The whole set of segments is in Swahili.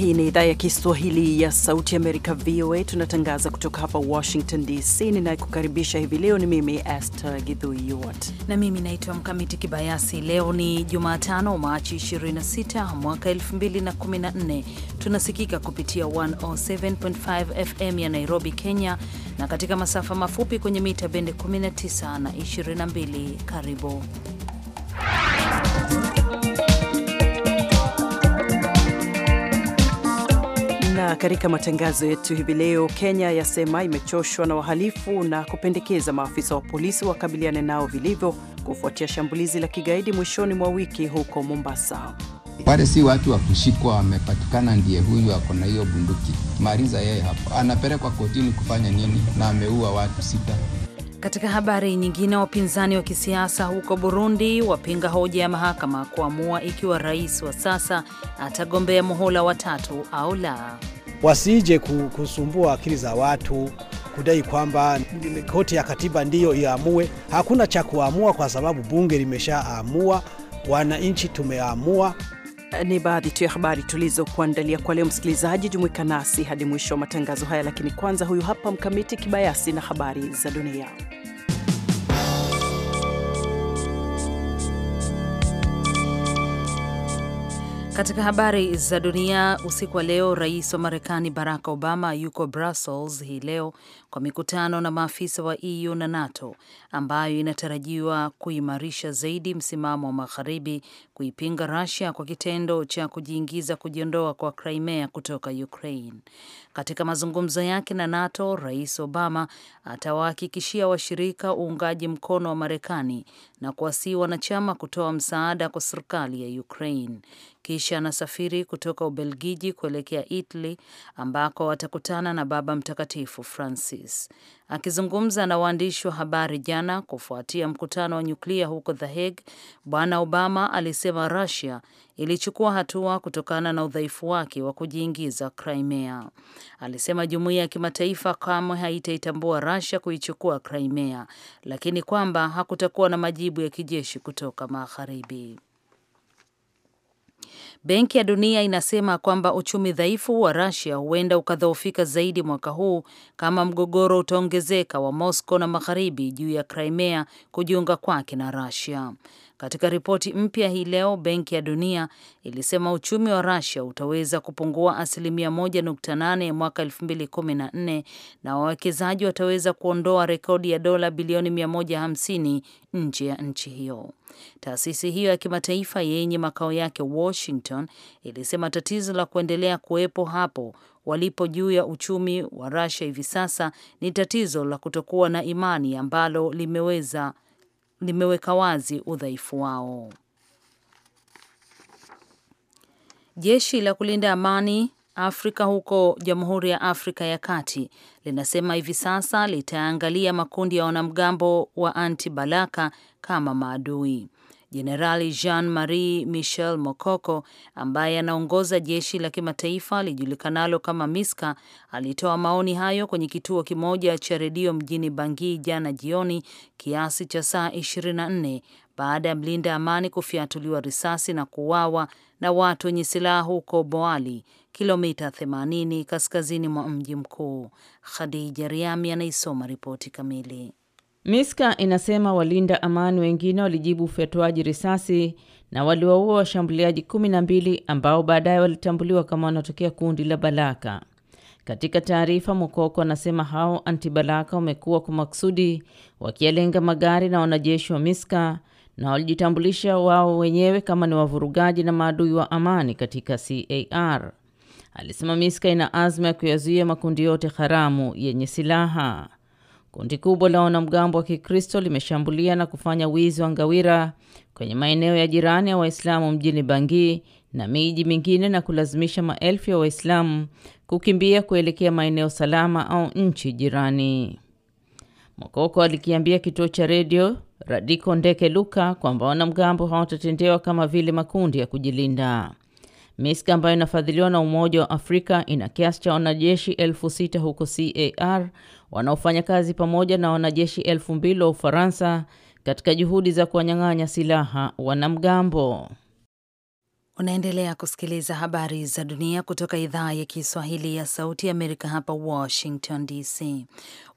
Hii ni idhaa ya Kiswahili ya Sauti Amerika, VOA. Tunatangaza kutoka hapa Washington DC. Ninayekukaribisha hivi leo ni mimi Esther Githuiyot na mimi naitwa Mkamiti Kibayasi. Leo ni Jumatano, Machi 26 mwaka 2014. Tunasikika kupitia 107.5 FM ya Nairobi, Kenya, na katika masafa mafupi kwenye mita bende 19 na 22. Karibu na katika matangazo yetu hivi leo, Kenya yasema imechoshwa na wahalifu na kupendekeza maafisa wa polisi wakabiliane nao vilivyo kufuatia shambulizi la kigaidi mwishoni mwa wiki huko Mombasa. Wale si watu wa kushikwa, wamepatikana, ndiye huyu ako na hiyo bunduki, maliza yeye hapo. Anapelekwa kotini kufanya nini? Na ameua watu sita. Katika habari nyingine, wapinzani wa kisiasa huko Burundi wapinga hoja ya mahakama kuamua ikiwa rais wa sasa atagombea muhula watatu au la. Wasije kusumbua akili za watu kudai kwamba koti ya katiba ndiyo iamue. Hakuna cha kuamua kwa sababu bunge limeshaamua, wananchi tumeamua. Eh, ni baadhi tu ya habari tulizokuandalia kwa leo. Msikilizaji, jumuika nasi hadi mwisho wa matangazo haya, lakini kwanza, huyu hapa Mkamiti Kibayasi na habari za dunia. Katika habari za dunia usiku wa leo, rais wa Marekani Barack Obama yuko Brussels hii leo kwa mikutano na maafisa wa EU na NATO ambayo inatarajiwa kuimarisha zaidi msimamo wa magharibi kuipinga Russia kwa kitendo cha kujiingiza kujiondoa kwa Crimea kutoka Ukraine. Katika mazungumzo yake na NATO, rais Obama atawahakikishia washirika uungaji mkono wa Marekani na kuwasii wanachama kutoa msaada kwa serikali ya Ukraine. Kisha anasafiri kutoka Ubelgiji kuelekea Italy ambako atakutana na Baba Mtakatifu Francis. Akizungumza na waandishi wa habari jana kufuatia mkutano wa nyuklia huko The Hague, Bwana Obama alisema Russia ilichukua hatua kutokana na udhaifu wake wa kujiingiza Crimea. Alisema jumuiya ya kimataifa kamwe haitaitambua Russia kuichukua Crimea, lakini kwamba hakutakuwa na majibu ya kijeshi kutoka magharibi. Benki ya Dunia inasema kwamba uchumi dhaifu wa Russia huenda ukadhoofika zaidi mwaka huu kama mgogoro utaongezeka wa Moscow na magharibi juu ya Crimea kujiunga kwake na Russia. Katika ripoti mpya hii leo, Benki ya Dunia ilisema uchumi wa rasia utaweza kupungua asilimia 1.8 mwaka 2014 na wawekezaji wataweza kuondoa rekodi ya dola bilioni 150 nje ya nchi hiyo. Taasisi hiyo ya kimataifa yenye makao yake Washington ilisema tatizo la kuendelea kuwepo hapo walipo juu ya uchumi wa rasia hivi sasa ni tatizo la kutokuwa na imani ambalo limeweza limeweka wazi udhaifu wao. Jeshi la kulinda amani Afrika huko Jamhuri ya Afrika ya Kati linasema hivi sasa litaangalia makundi ya wanamgambo wa anti balaka kama maadui. Jenerali Jean Marie Michel Mokoko ambaye anaongoza jeshi la kimataifa lijulikanalo kama MISCA alitoa maoni hayo kwenye kituo kimoja cha redio mjini Bangui jana jioni kiasi cha saa 24 baada ya mlinda amani kufyatuliwa risasi na kuuawa na watu wenye silaha huko Boali, kilomita 80 kaskazini mwa mji mkuu. Khadija Riami anaisoma ripoti kamili. Miska inasema walinda amani wengine walijibu ufyatuaji risasi na waliwaua washambuliaji kumi na mbili ambao baadaye walitambuliwa kama wanatokea kundi la Balaka. Katika taarifa, Mukoko anasema hao antibalaka wamekuwa kwa makusudi wakiyalenga magari na wanajeshi wa Miska na walijitambulisha wao wenyewe kama ni wavurugaji na maadui wa amani katika CAR. Alisema Miska ina azma ya kuyazuia makundi yote haramu yenye silaha. Kundi kubwa la wanamgambo wa Kikristo limeshambulia na kufanya wizi wa ngawira kwenye maeneo ya jirani ya Waislamu mjini Bangi na miji mingine na kulazimisha maelfu ya Waislamu kukimbia kuelekea maeneo salama au nchi jirani. Mokoko alikiambia kituo cha redio Radiko Ndeke Luka kwamba wanamgambo hawatatendewa kama vile makundi ya kujilinda. Miski ambayo inafadhiliwa na Umoja wa Afrika ina kiasi cha wanajeshi elfu sita huko CAR wanaofanya kazi pamoja na wanajeshi elfu mbili wa Ufaransa katika juhudi za kuwanyang'anya silaha wanamgambo. Unaendelea kusikiliza habari za dunia kutoka idhaa ya Kiswahili ya Sauti ya Amerika hapa Washington DC.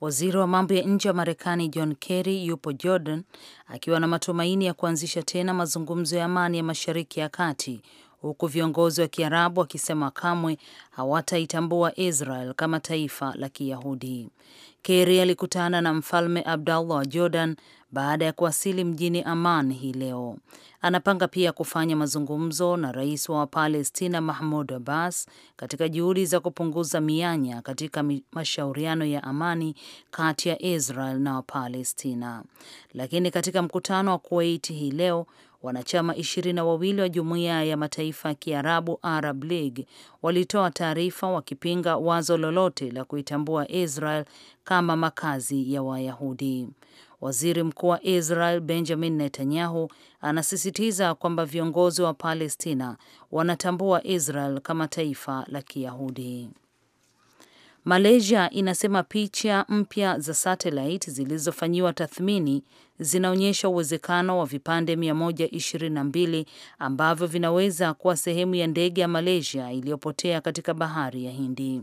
Waziri wa mambo ya nje wa Marekani John Kerry yupo Jordan akiwa na matumaini ya kuanzisha tena mazungumzo ya amani ya Mashariki ya Kati huku viongozi wa Kiarabu wakisema kamwe hawataitambua Israel kama taifa la Kiyahudi. Keri alikutana na Mfalme Abdallah wa Jordan baada ya kuwasili mjini Amman hii leo. Anapanga pia kufanya mazungumzo na rais wa Wapalestina Mahmud Abbas katika juhudi za kupunguza mianya katika mashauriano ya amani kati ya Israel na Wapalestina. Lakini katika mkutano wa Kuwait hii leo Wanachama ishirini na wawili wa Jumuiya ya Mataifa ya Kiarabu, Arab League, walitoa taarifa wakipinga wazo lolote la kuitambua Israel kama makazi ya Wayahudi. Waziri Mkuu wa Israel Benjamin Netanyahu anasisitiza kwamba viongozi wa Palestina wanatambua Israel kama taifa la Kiyahudi. Malaysia inasema picha mpya za satellite zilizofanyiwa tathmini zinaonyesha uwezekano wa vipande 122 ambavyo vinaweza kuwa sehemu ya ndege ya Malaysia iliyopotea katika bahari ya Hindi.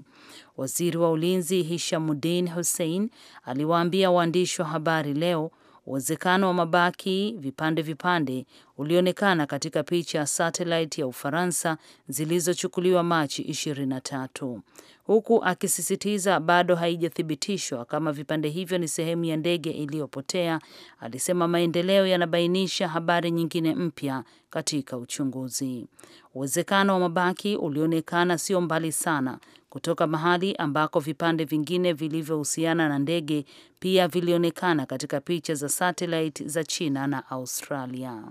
Waziri wa ulinzi Hishamuddin Hussein aliwaambia waandishi wa habari leo Uwezekano wa mabaki vipande vipande ulionekana katika picha ya satellite ya Ufaransa zilizochukuliwa Machi 23, huku akisisitiza bado haijathibitishwa kama vipande hivyo ni sehemu ya ndege iliyopotea. Alisema maendeleo yanabainisha habari nyingine mpya katika uchunguzi. Uwezekano wa mabaki ulionekana sio mbali sana kutoka mahali ambako vipande vingine vilivyohusiana na ndege pia vilionekana katika picha za satellite za China na Australia.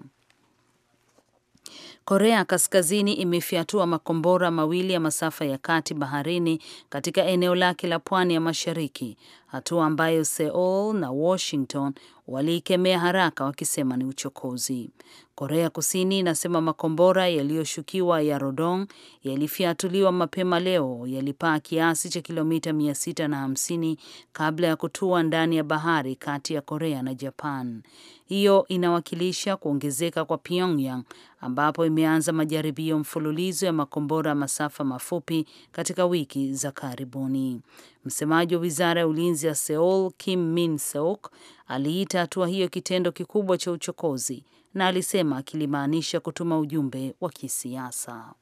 Korea Kaskazini imefyatua makombora mawili ya masafa ya kati baharini katika eneo lake la pwani ya mashariki, hatua ambayo Seoul na Washington waliikemea haraka wakisema ni uchokozi. Korea Kusini inasema makombora yaliyoshukiwa ya Rodong yalifyatuliwa mapema leo, yalipaa kiasi cha kilomita 650 kabla ya kutua ndani ya bahari kati ya Korea na Japan. Hiyo inawakilisha kuongezeka kwa Pyongyang ambapo imeanza majaribio mfululizo ya makombora masafa mafupi katika wiki za karibuni. Msemaji wa wizara ya ulinzi ya Seoul, Kim Min Seok, aliita hatua hiyo kitendo kikubwa cha uchokozi na alisema kilimaanisha kutuma ujumbe wa kisiasa.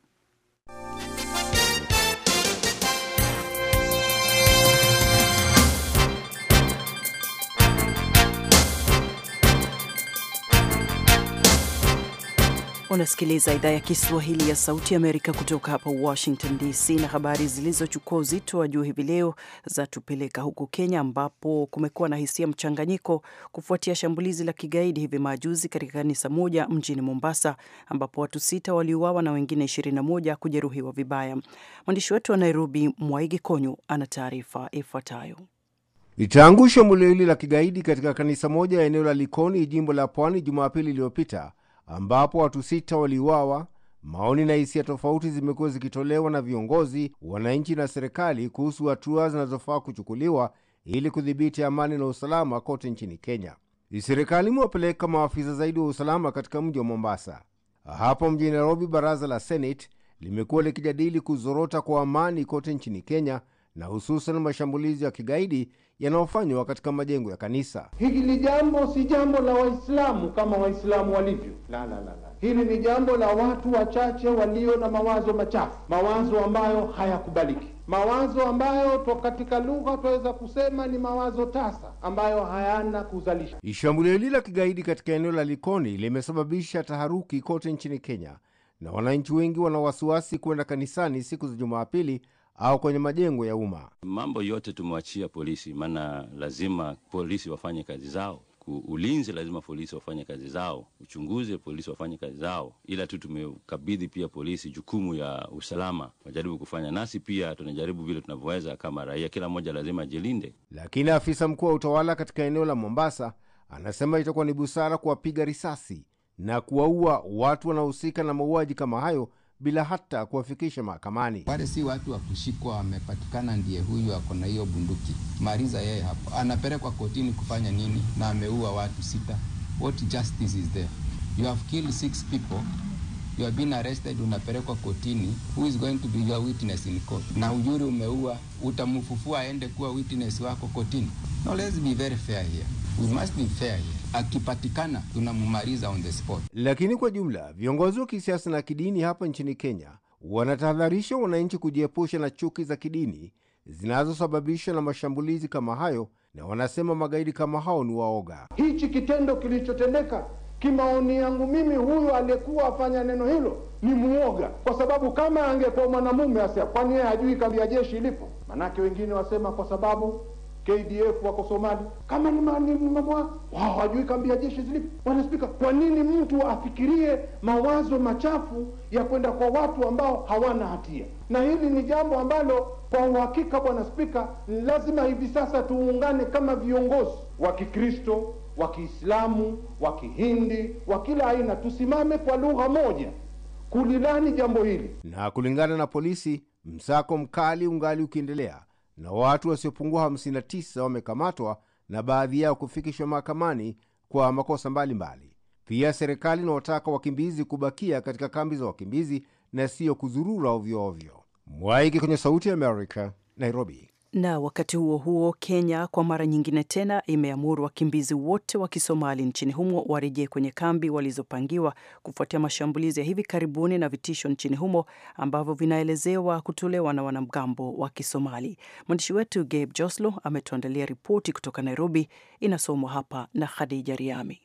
Unasikiliza idhaa ya Kiswahili ya Sauti Amerika kutoka hapa Washington DC, na habari zilizochukua uzito wa juu hivi leo za tupeleka huku Kenya, ambapo kumekuwa na hisia mchanganyiko kufuatia shambulizi la kigaidi hivi majuzi katika kanisa moja mjini Mombasa, ambapo watu sita waliuawa na wengine 21 kujeruhiwa vibaya. Mwandishi wetu wa Nairobi, Mwaigi Konyo, ana taarifa ifuatayo. Tangu shambulio hili la kigaidi katika kanisa moja ya eneo la Likoni, jimbo la Pwani, Jumapili iliyopita ambapo watu sita waliuawa. Maoni na hisia tofauti zimekuwa zikitolewa na viongozi, wananchi na serikali kuhusu hatua zinazofaa kuchukuliwa ili kudhibiti amani na usalama kote nchini Kenya. Serikali imewapeleka maafisa zaidi wa usalama katika mji wa Mombasa. Hapo mjini Nairobi, baraza la Senate limekuwa likijadili kuzorota kwa amani kote nchini Kenya na hususan mashambulizi ya kigaidi yanayofanywa katika majengo ya kanisa. Hili jambo si jambo la Waislamu kama Waislamu walivyo, la, la, la, la. Hili ni jambo la watu wachache walio na mawazo machafu, mawazo ambayo hayakubaliki, mawazo ambayo to katika lugha tunaweza kusema ni mawazo tasa ambayo hayana kuzalisha. Shambulio hili la kigaidi katika eneo la Likoni limesababisha taharuki kote nchini Kenya, na wananchi wengi wana wasiwasi kwenda kanisani siku za Jumapili au kwenye majengo ya umma. Mambo yote tumewachia polisi, maana lazima polisi wafanye kazi zao. Ulinzi lazima polisi wafanye kazi zao, uchunguzi polisi wafanye kazi zao, ila tu tumekabidhi pia polisi jukumu ya usalama, wajaribu kufanya, nasi pia tunajaribu vile tunavyoweza kama raia, kila mmoja lazima ajilinde. Lakini afisa mkuu wa utawala katika eneo la Mombasa anasema itakuwa ni busara kuwapiga risasi na kuwaua watu wanaohusika na mauaji kama hayo bila hata kuwafikisha mahakamani. Wale si watu wa kushikwa, wamepatikana ndiye huyu ako na hiyo bunduki, maliza yeye hapo. Anapelekwa kotini kufanya nini? Na ameua watu sita. What justice is there? You have killed six people you have been arrested, unapelekwa kotini. Who is going to be your witness in court? Na ujuri umeua, utamfufua aende kuwa witness wako kotini? No, let's be very fair here. We must be fair here. Akipatikana tunamumaliza on the spot. Lakini kwa jumla viongozi wa kisiasa na kidini hapa nchini Kenya wanatahadharisha wananchi kujiepusha na chuki za kidini zinazosababishwa na mashambulizi kama hayo, na wanasema magaidi kama hao ni waoga. Hichi kitendo kilichotendeka, kimaoni yangu mimi, huyu aliyekuwa afanya neno hilo ni muoga, kwa sababu kama angekuwa mwanamume, kwani yeye hajui kambi ya jeshi ilipo? Manake wengine wasema kwa sababu KDF wako Somalia, kama ni mama wao hawajui kambi ya jeshi zilipo. Bwana Spika, kwa nini mtu afikirie mawazo machafu ya kwenda kwa watu ambao hawana hatia? Na hili ni jambo ambalo kwa uhakika, Bwana Spika, ni lazima hivi sasa tuungane kama viongozi wa Kikristo, wa Kiislamu, wa Kihindi, wa kila aina, tusimame kwa lugha moja kulilani jambo hili. Na kulingana na polisi, msako mkali ungali ukiendelea na watu wasiopungua 59 wamekamatwa na baadhi yao kufikishwa mahakamani kwa makosa mbalimbali Pia serikali inawataka wakimbizi kubakia katika kambi za wakimbizi na siyo kuzurura ovyoovyo. Mwaiki kwenye Sauti ya Amerika, Nairobi. Na wakati huo huo, Kenya kwa mara nyingine tena imeamuru wakimbizi wote wa Kisomali nchini humo warejee kwenye kambi walizopangiwa kufuatia mashambulizi ya hivi karibuni na vitisho nchini humo ambavyo vinaelezewa kutolewa na wanamgambo wa Kisomali. Mwandishi wetu Gabe Joslo ametuandalia ripoti kutoka Nairobi, inasomwa hapa na Khadija Riami.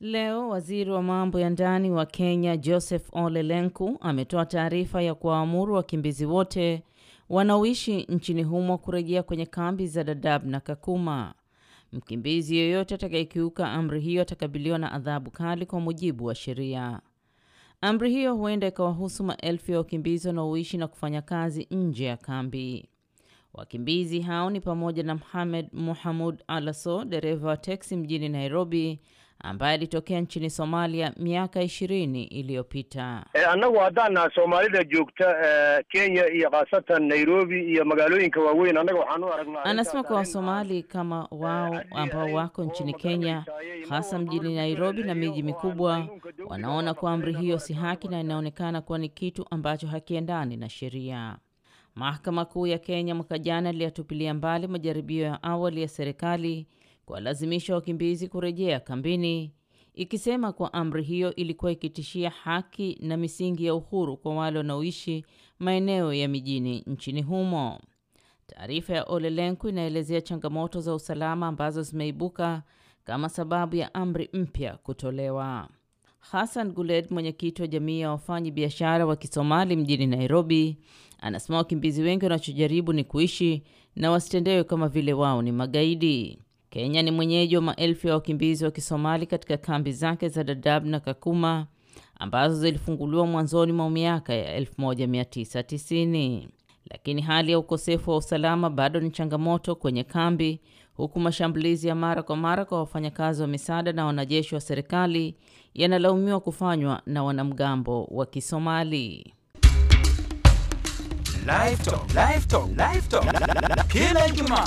Leo waziri wa mambo ya ndani wa Kenya Joseph Ole Lenku ametoa taarifa ya kuwaamuru wakimbizi wote wanaoishi nchini humo kurejea kwenye kambi za Dadaab na Kakuma. Mkimbizi yeyote atakayekiuka amri hiyo atakabiliwa na adhabu kali kwa mujibu wa sheria. Amri hiyo huenda ikawahusu maelfu ya wakimbizi wanaoishi na kufanya kazi nje ya kambi. Wakimbizi hao ni pamoja na Mohamed Muhamud Alaso, dereva wa teksi mjini Nairobi, ambaye alitokea nchini Somalia miaka ishirini iliyopita. E, eh, annagu haddaana soomaalida joogta e, eh, Kenya iyo khaasatan Nairobi iyo magaalooyinka waaweyn anaga waxaan u aragnaa. Anasema kwa Wasomali kama wao ambao wako nchini Kenya, hasa mjini Nairobi na eh, miji mikubwa, wanaona kwa amri hiyo si haki na inaonekana kuwa ni kitu ambacho hakiendani na sheria. Mahakama Kuu ya Kenya mwaka jana iliyatupilia mbali majaribio ya awali ya serikali kuwalazimisha wakimbizi kurejea kambini, ikisema kuwa amri hiyo ilikuwa ikitishia haki na misingi ya uhuru kwa wale wanaoishi maeneo ya mijini nchini humo. Taarifa ya Olelenku inaelezea changamoto za usalama ambazo zimeibuka kama sababu ya amri mpya kutolewa. Hassan Guled, mwenyekiti wa jamii ya wafanyi biashara wa Kisomali mjini Nairobi, anasema wakimbizi wengi wanachojaribu ni kuishi na wasitendewe kama vile wao ni magaidi. Kenya ni mwenyeji wa maelfu ya wakimbizi wa Kisomali katika kambi zake za Dadaab na Kakuma ambazo zilifunguliwa mwanzoni mwa miaka ya 1990. Lakini hali ya ukosefu wa usalama bado ni changamoto kwenye kambi, huku mashambulizi ya mara kwa mara kwa wafanyakazi wa misaada na wanajeshi wa serikali yanalaumiwa kufanywa na wanamgambo wa Kisomali. Kila Ijumaa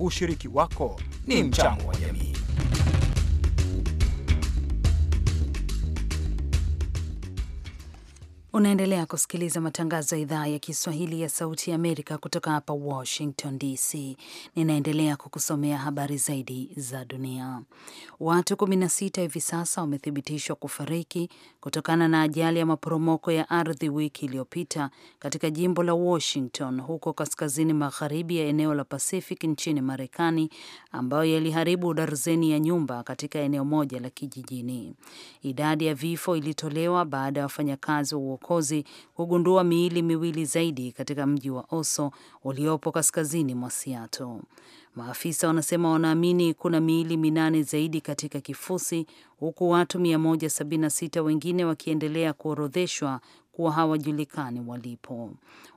Ushiriki wako ni mchango wa jamii. Unaendelea kusikiliza matangazo ya idhaa ya Kiswahili ya Sauti ya Amerika kutoka hapa Washington DC. Ninaendelea kukusomea habari zaidi za dunia. Watu 16 hivi sasa wamethibitishwa kufariki kutokana na ajali ya maporomoko ya ardhi wiki iliyopita katika jimbo la Washington huko kaskazini magharibi ya eneo la Pacific nchini Marekani, ambayo yaliharibu darzeni ya nyumba katika eneo moja la kijijini. Idadi ya vifo ilitolewa baada ya wafanyakazi wa uokozi kugundua miili miwili zaidi katika mji wa Oso uliopo kaskazini mwa Seattle. Maafisa wanasema wanaamini kuna miili minane zaidi katika kifusi, huku watu 176 wengine wakiendelea kuorodheshwa kuwa hawajulikani walipo.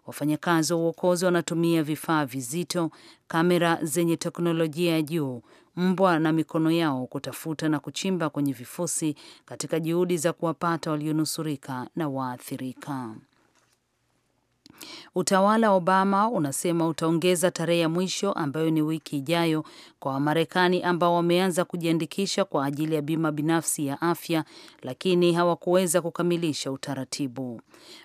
Wafanyakazi wa uokozi wanatumia vifaa vizito, kamera zenye teknolojia ya juu, mbwa na mikono yao kutafuta na kuchimba kwenye vifusi katika juhudi za kuwapata walionusurika na waathirika. Utawala wa Obama unasema utaongeza tarehe ya mwisho ambayo ni wiki ijayo kwa Wamarekani ambao wameanza kujiandikisha kwa ajili ya bima binafsi ya afya, lakini hawakuweza kukamilisha utaratibu.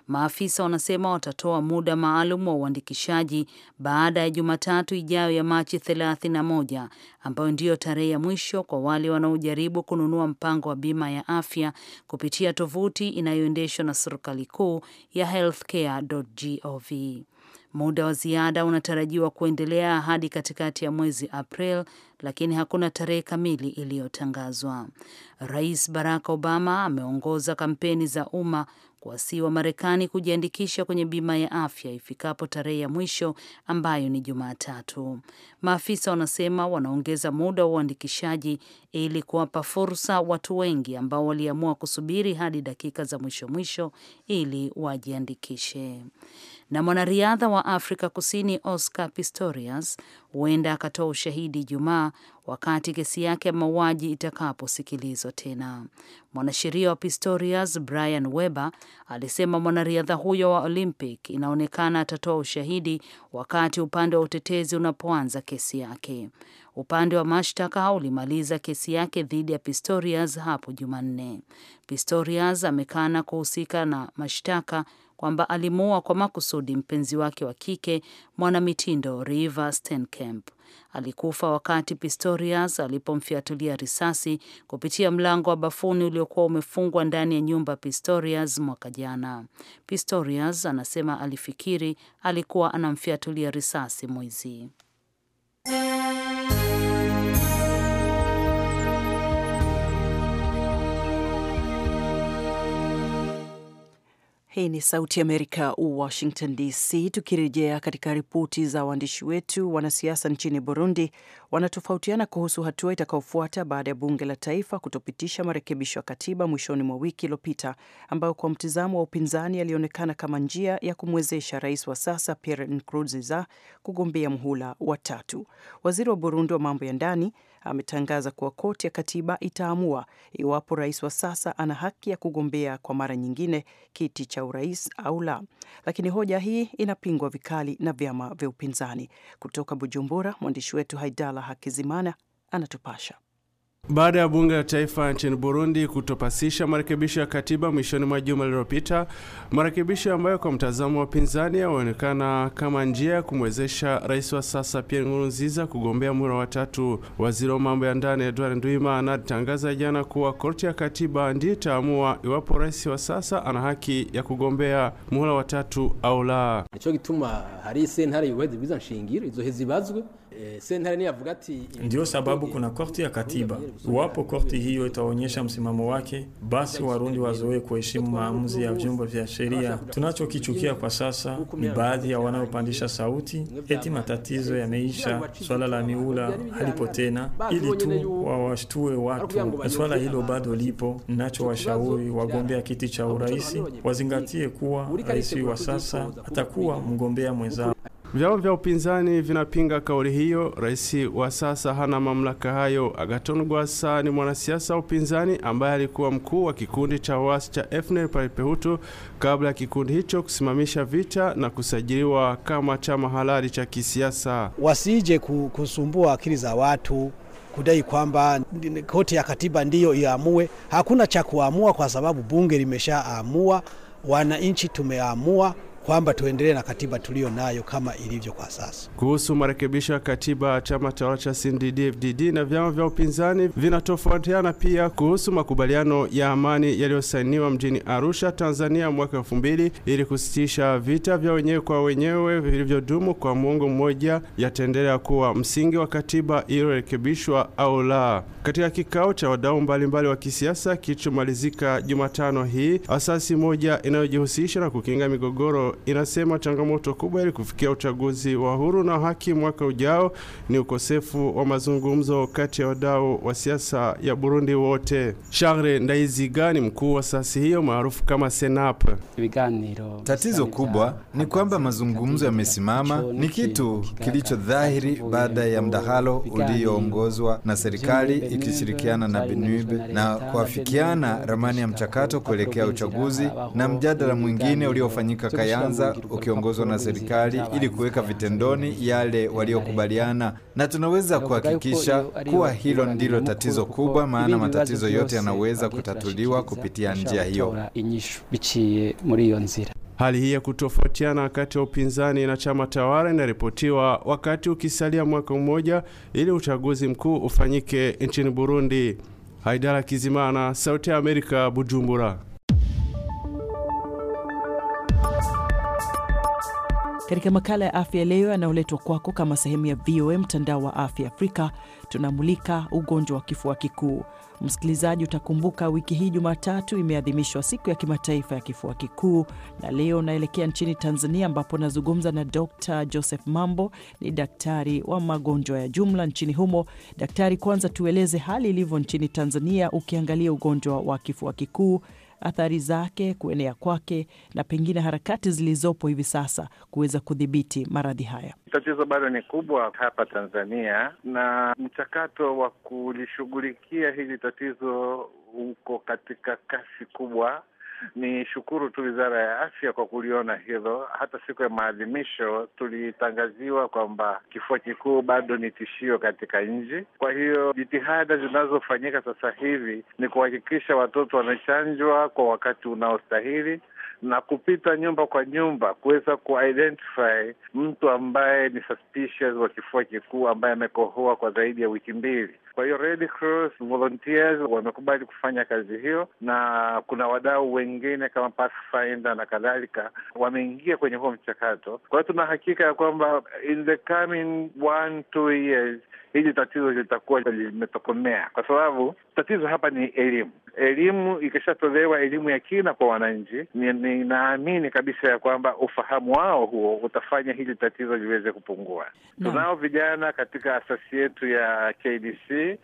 Maafisa wanasema watatoa muda maalum wa uandikishaji baada ya Jumatatu ijayo ya Machi 31 ambayo ndiyo tarehe ya mwisho kwa wale wanaojaribu kununua mpango wa bima ya afya kupitia tovuti inayoendeshwa na serikali kuu ya healthcare.gov. GOV. Muda wa ziada unatarajiwa kuendelea hadi katikati ya mwezi April, lakini hakuna tarehe kamili iliyotangazwa. Rais Barack Obama ameongoza kampeni za umma wa marekani kujiandikisha kwenye bima ya afya ifikapo tarehe ya mwisho ambayo ni Jumatatu. Maafisa wanasema wanaongeza muda wa uandikishaji ili kuwapa fursa watu wengi ambao waliamua kusubiri hadi dakika za mwisho mwisho ili wajiandikishe na mwanariadha wa Afrika Kusini Oscar Pistorius huenda akatoa ushahidi Ijumaa wakati kesi yake ya mauaji itakaposikilizwa tena. Mwanasheria wa Pistorius Brian Weber alisema mwanariadha huyo wa Olympic inaonekana atatoa ushahidi wakati upande wa utetezi unapoanza kesi yake. Upande wa mashtaka ulimaliza kesi yake dhidi ya Pistorius hapo Jumanne. Pistorius amekana kuhusika na mashtaka kwamba alimuua kwa makusudi mpenzi wake wa kike mwanamitindo Reeva Steenkamp. Alikufa wakati Pistorius alipomfiatulia risasi kupitia mlango wa bafuni uliokuwa umefungwa ndani ya nyumba pistorias Pistorius mwaka jana. Pistorius anasema alifikiri alikuwa anamfiatulia risasi mwizi. Hii ni Sauti Amerika, Washington DC. Tukirejea katika ripoti za waandishi wetu, wanasiasa nchini Burundi wanatofautiana kuhusu hatua itakayofuata baada ya bunge la taifa kutopitisha marekebisho ya katiba mwishoni mwa wiki iliyopita, ambayo kwa mtizamo wa upinzani yalionekana kama njia ya kumwezesha rais wa sasa Pierre Nkurunziza kugombea mhula wa tatu. Waziri wa Burundi wa mambo ya ndani ametangaza kuwa koti ya katiba itaamua iwapo rais wa sasa ana haki ya kugombea kwa mara nyingine kiti cha urais au la, lakini hoja hii inapingwa vikali na vyama vya upinzani. Kutoka Bujumbura, mwandishi wetu Haidala Hakizimana anatupasha. Baada ya bunge la taifa nchini Burundi kutopasisha marekebisho ya katiba mwishoni mwa juma lililopita, marekebisho ambayo kwa mtazamo wa upinzani yaonekana kama njia ya kumwezesha rais wa sasa Pierre Nkurunziza kugombea muhula wa tatu. Waziri wa mambo ya ndani Edward nduimana alitangaza jana kuwa korti ya katiba ndiyo itaamua iwapo rais wa sasa ana haki ya kugombea muhula wa tatu au la. nicho gituma hari isentare yubahiza ibisubizo nshingiro izohe ibazwe Eh, Ndiyo sababu kuna korti ya katiba. Iwapo korti hiyo itaonyesha msimamo wake, basi Warundi wazoee kuheshimu maamuzi ya vyombo vya sheria. Tunachokichukia kwa sasa ni baadhi ya wanaopandisha sauti eti matatizo yameisha, swala la miula halipo tena, ili tu wawashtue watu, na swala hilo bado lipo. Ninachowashauri wagombea kiti cha urais wazingatie kuwa rais wa sasa atakuwa mgombea mwenzao. Vyama vya upinzani vinapinga kauli hiyo. Rais wa sasa hana mamlaka hayo. Agaton Gwasa ni mwanasiasa wa upinzani ambaye alikuwa mkuu wa kikundi cha waasi cha FNL Palipehutu kabla ya kikundi hicho kusimamisha vita na kusajiliwa kama chama halali cha kisiasa. Wasije kusumbua akili za watu kudai kwamba koti ya katiba ndiyo iamue. Hakuna cha kuamua kwa sababu bunge limeshaamua, wananchi tumeamua kwamba tuendelee na katiba tuliyo nayo kama ilivyo kwa sasa. Kuhusu marekebisho ya katiba, chama tawala cha CNDD-FDD na vyama vya upinzani vinatofautiana pia kuhusu makubaliano ya amani yaliyosainiwa mjini Arusha, Tanzania mwaka elfu mbili ili kusitisha vita vya wenyewe kwa wenyewe vilivyodumu kwa muongo mmoja, yataendelea kuwa msingi wa katiba iliyorekebishwa au la. Katika kikao cha wadau mbalimbali wa kisiasa kilichomalizika Jumatano hii, asasi moja inayojihusisha na kukinga migogoro inasema changamoto kubwa ili kufikia uchaguzi wa huru na haki mwaka ujao ni ukosefu wa mazungumzo kati ya wadau wa siasa ya Burundi wote. Charles Ndaiziga ni mkuu wa sasi hiyo maarufu kama Senap. Tatizo kubwa ni kwamba mazungumzo yamesimama, ni kitu kilicho dhahiri baada ya mdahalo ulioongozwa na serikali ikishirikiana na BNUB na kuafikiana ramani ya mchakato kuelekea uchaguzi na mjadala mwingine uliofanyika Kayanja kwanza ukiongozwa na serikali ili kuweka vitendoni yale waliokubaliana, na tunaweza kuhakikisha kuwa hilo ndilo tatizo kubwa, maana matatizo yote yanaweza kutatuliwa kupitia njia hiyo. Hali hii ya kutofautiana kati ya upinzani na chama tawala inaripotiwa wakati ukisalia mwaka mmoja ili uchaguzi mkuu ufanyike nchini Burundi. Haidara Kizimana, Sauti ya Amerika, Bujumbura. Katika makala ya afya leo yanayoletwa kwako kama sehemu ya VOA mtandao wa afya Afrika, tunamulika ugonjwa wa kifua kikuu. Msikilizaji, utakumbuka wiki hii Jumatatu imeadhimishwa siku ya kimataifa ya kifua kikuu, na leo naelekea nchini Tanzania ambapo nazungumza na Dr Joseph Mambo, ni daktari wa magonjwa ya jumla nchini humo. Daktari, kwanza tueleze hali ilivyo nchini Tanzania ukiangalia ugonjwa wa kifua kikuu athari zake, kuenea kwake na pengine harakati zilizopo hivi sasa kuweza kudhibiti maradhi haya. Tatizo bado ni kubwa hapa Tanzania na mchakato wa kulishughulikia hili tatizo uko katika kasi kubwa ni shukuru tu Wizara ya Afya kwa kuliona hilo. Hata siku ya maadhimisho tulitangaziwa kwamba kifua kikuu bado ni tishio katika nchi. Kwa hiyo jitihada zinazofanyika sasa hivi ni kuhakikisha watoto wanachanjwa kwa wakati unaostahili na kupita nyumba kwa nyumba kuweza kuidentify mtu ambaye ni suspicious wa kifua kikuu ambaye amekohoa kwa zaidi ya wiki mbili. Kwa hiyo Red Cross volunteers wamekubali kufanya kazi hiyo, na kuna wadau wengine kama Pathfinder na kadhalika wameingia kwenye huo mchakato. Kwa hiyo tuna hakika ya kwamba in the coming one two years hili tatizo litakuwa limetokomea, kwa sababu tatizo hapa ni elimu. Elimu ikishatolewa elimu ya kina kwa wananchi, ninaamini ni kabisa ya kwamba ufahamu wao huo utafanya hili tatizo liweze kupungua. No. Tunao vijana katika asasi yetu ya KDC eh,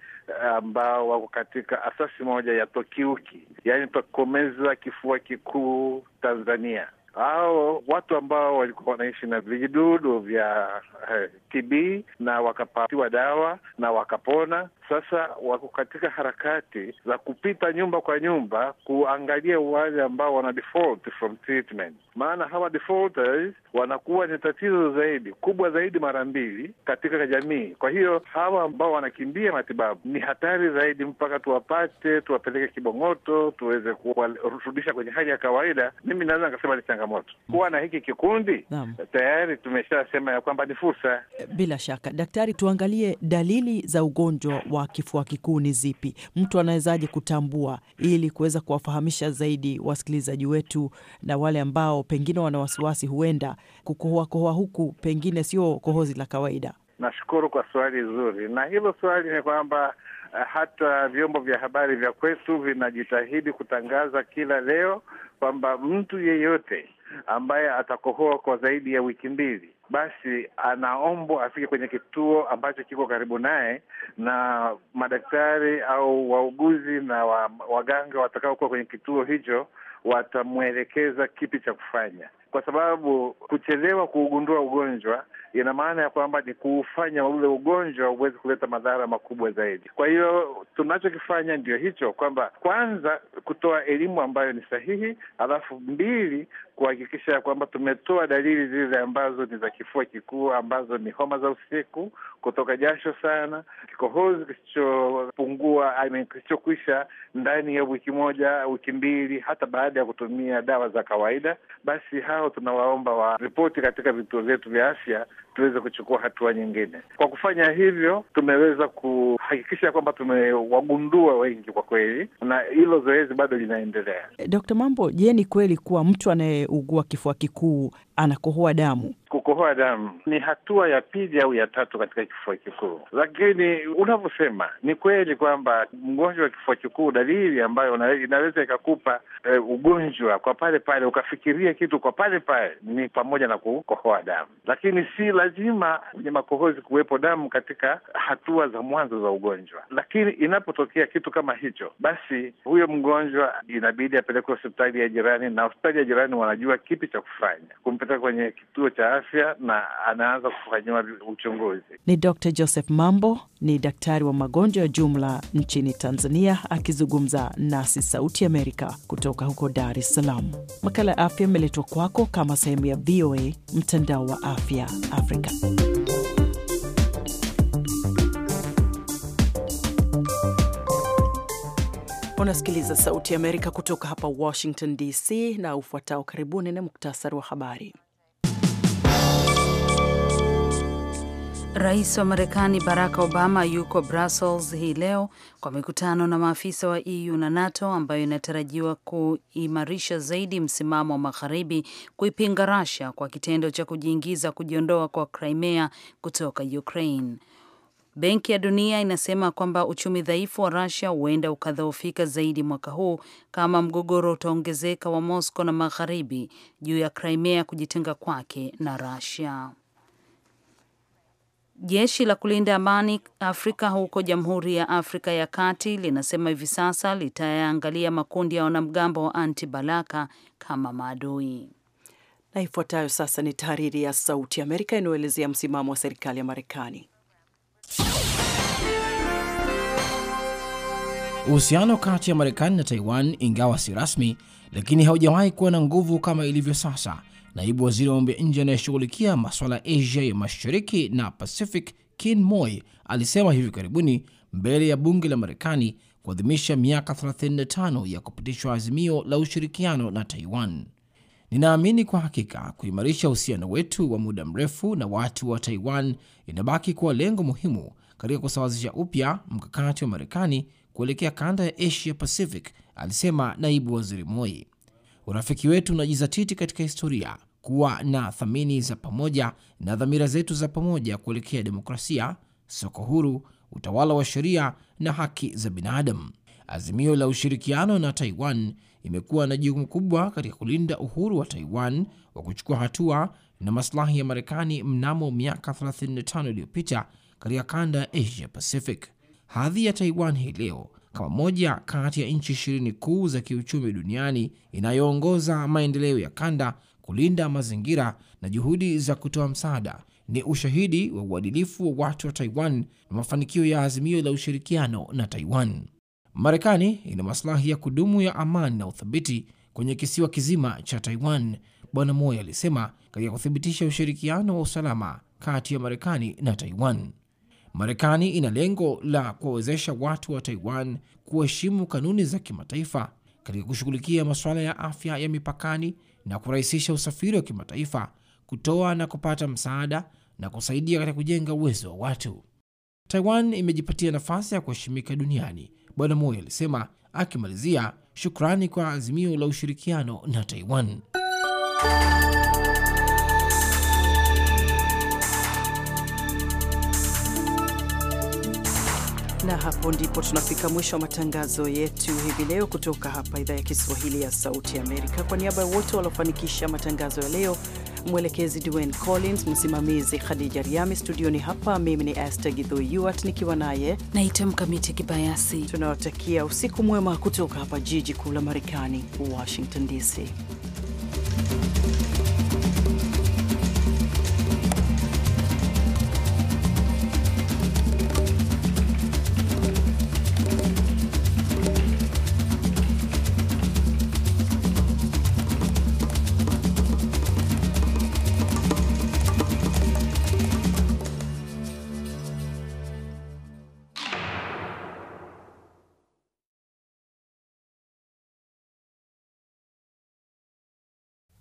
ambao wako katika asasi moja ya Tokiuki, yaani tokomeza kifua kikuu Tanzania hao watu ambao walikuwa wanaishi na vijidudu vya eh, TB na wakapatiwa dawa na wakapona, sasa wako katika harakati za kupita nyumba kwa nyumba kuangalia wale ambao wana default from treatment, maana hawa defaulters wanakuwa ni tatizo zaidi kubwa zaidi mara mbili katika jamii. Kwa hiyo hawa ambao wanakimbia matibabu ni hatari zaidi, mpaka tuwapate tuwapeleke Kibong'oto tuweze kuwarudisha kwenye hali ya kawaida. Mimi naweza nikasema ni changamoto kuwa na hiki kikundi Naam. Tayari tumeshasema ya kwamba ni fursa. Bila shaka, daktari, tuangalie dalili za ugonjwa wa wa kifua kikuu ni zipi? Mtu anawezaje kutambua, ili kuweza kuwafahamisha zaidi wasikilizaji wetu na wale ambao pengine wana wasiwasi, huenda kukohoa kohoa huku pengine sio kohozi la kawaida? Nashukuru kwa swali zuri, na hilo swali ni kwamba eh, hata vyombo vya habari vya kwetu vinajitahidi kutangaza kila leo kwamba mtu yeyote ambaye atakohoa kwa zaidi ya wiki mbili basi anaombwa afike kwenye kituo ambacho kiko karibu naye, na madaktari au wauguzi na wa, waganga watakaokuwa kwenye kituo hicho watamwelekeza kipi cha kufanya, kwa sababu kuchelewa kuugundua ugonjwa ina maana ya kwamba ni kuufanya ule ugonjwa uweze kuleta madhara makubwa zaidi. Kwa hiyo tunachokifanya ndio hicho, kwamba kwanza kutoa elimu ambayo ni sahihi, alafu mbili kuhakikisha ya kwamba tumetoa dalili zile ambazo ni za kifua kikuu, ambazo ni homa za usiku, kutoka jasho sana, kikohozi kisichopungua, I mean, kisichokwisha ndani ya wiki moja, wiki mbili, hata baada ya kutumia dawa za kawaida. Basi hao tunawaomba waripoti katika vituo vyetu vya afya tuweze kuchukua hatua nyingine. Kwa kufanya hivyo, tumeweza ku kuhakikisha kwamba tumewagundua wengi kwa kweli, na hilo zoezi bado linaendelea. Dkt. Mambo, je, ni kweli kuwa mtu anayeugua kifua kikuu anakohoa damu? Kukohoa damu ni hatua ya pili au ya tatu katika kifua kikuu, lakini unavyosema ni kweli kwamba mgonjwa wa kifua kikuu, dalili ambayo inaweza ikakupa e, ugonjwa kwa pale pale ukafikiria kitu kwa pale pale ni pamoja na kukohoa damu, lakini si lazima kwenye makohozi kuwepo damu katika hatua za mwanzo za mgonjwa. Lakini inapotokea kitu kama hicho, basi huyo mgonjwa inabidi apelekwe hospitali ya jirani, na hospitali ya jirani wanajua kipi cha kufanya, kumpeleka kwenye kituo cha afya na anaanza kufanyiwa uchunguzi. Ni Dr Joseph Mambo, ni daktari wa magonjwa ya jumla nchini Tanzania, akizungumza nasi Sauti Amerika kutoka huko Dar es Salaam. Makala ya afya imeletwa kwako kama sehemu ya VOA mtandao wa afya Afrika. Unasikiliza Sauti ya Amerika kutoka hapa Washington DC, na ufuatao karibuni na muktasari wa habari. Rais wa Marekani Barack Obama yuko Brussels hii leo kwa mikutano na maafisa wa EU na NATO ambayo inatarajiwa kuimarisha zaidi msimamo wa magharibi kuipinga Russia kwa kitendo cha kujiingiza kujiondoa kwa Crimea kutoka Ukraine. Benki ya Dunia inasema kwamba uchumi dhaifu wa rasia huenda ukadhoofika zaidi mwaka huu kama mgogoro utaongezeka wa Moscow na Magharibi juu ya Crimea kujitenga kwake na rasia Jeshi la kulinda amani Afrika huko Jamhuri ya Afrika ya Kati linasema hivi sasa litayaangalia makundi ya wanamgambo wa anti-balaka kama maadui. Na ifuatayo sasa ni tahariri ya Sauti ya Amerika inayoelezea msimamo wa serikali ya Marekani. Uhusiano kati ya Marekani na Taiwan ingawa si rasmi, lakini haujawahi kuwa na nguvu kama ilivyo sasa. Naibu waziri wa mambo ya nje anayeshughulikia maswala ya Asia ya mashariki na Pacific, Kin Moy, alisema hivi karibuni mbele ya bunge la Marekani kuadhimisha miaka 35 ya kupitishwa azimio la ushirikiano na Taiwan. Ninaamini kwa hakika kuimarisha uhusiano wetu wa muda mrefu na watu wa Taiwan inabaki kuwa lengo muhimu katika kusawazisha upya mkakati wa Marekani kuelekea kanda ya Asia Pacific, alisema naibu waziri Moi. Urafiki wetu unajizatiti katika historia kuwa na thamani za pamoja na dhamira zetu za pamoja kuelekea demokrasia, soko huru, utawala wa sheria na haki za binadamu. Azimio la ushirikiano na Taiwan imekuwa na jukumu kubwa katika kulinda uhuru wa Taiwan wa kuchukua hatua na maslahi ya Marekani mnamo miaka 35 iliyopita katika kanda ya Asia Pacific. Hadhi ya Taiwan hii leo kama moja kati ya nchi ishirini kuu za kiuchumi duniani inayoongoza maendeleo ya kanda, kulinda mazingira na juhudi za kutoa msaada ni ushahidi wa uadilifu wa watu wa Taiwan na mafanikio ya azimio la ushirikiano na Taiwan. Marekani ina maslahi ya kudumu ya amani na uthabiti kwenye kisiwa kizima cha Taiwan, Bwana Moy alisema katika kuthibitisha ushirikiano wa usalama kati ya Marekani na Taiwan. Marekani ina lengo la kuwawezesha watu wa Taiwan kuheshimu kanuni za kimataifa katika kushughulikia masuala ya afya ya mipakani na kurahisisha usafiri wa kimataifa, kutoa na kupata msaada na kusaidia katika kujenga uwezo wa watu. Taiwan imejipatia nafasi ya kuheshimika duniani Bwana Moi alisema akimalizia shukrani kwa azimio la ushirikiano na Taiwan. Na hapo ndipo tunafika mwisho wa matangazo yetu hivi leo kutoka hapa idhaa ya Kiswahili ya Sauti Amerika. Kwa niaba ya wote waliofanikisha matangazo ya leo, mwelekezi Dwayne Collins, msimamizi Khadija Riami, studioni hapa mimi ni Esther Githoyuat nikiwa naye naita Mkamiti Kibayasi. Tunawatakia usiku mwema kutoka hapa jiji kuu la Marekani, Washington DC.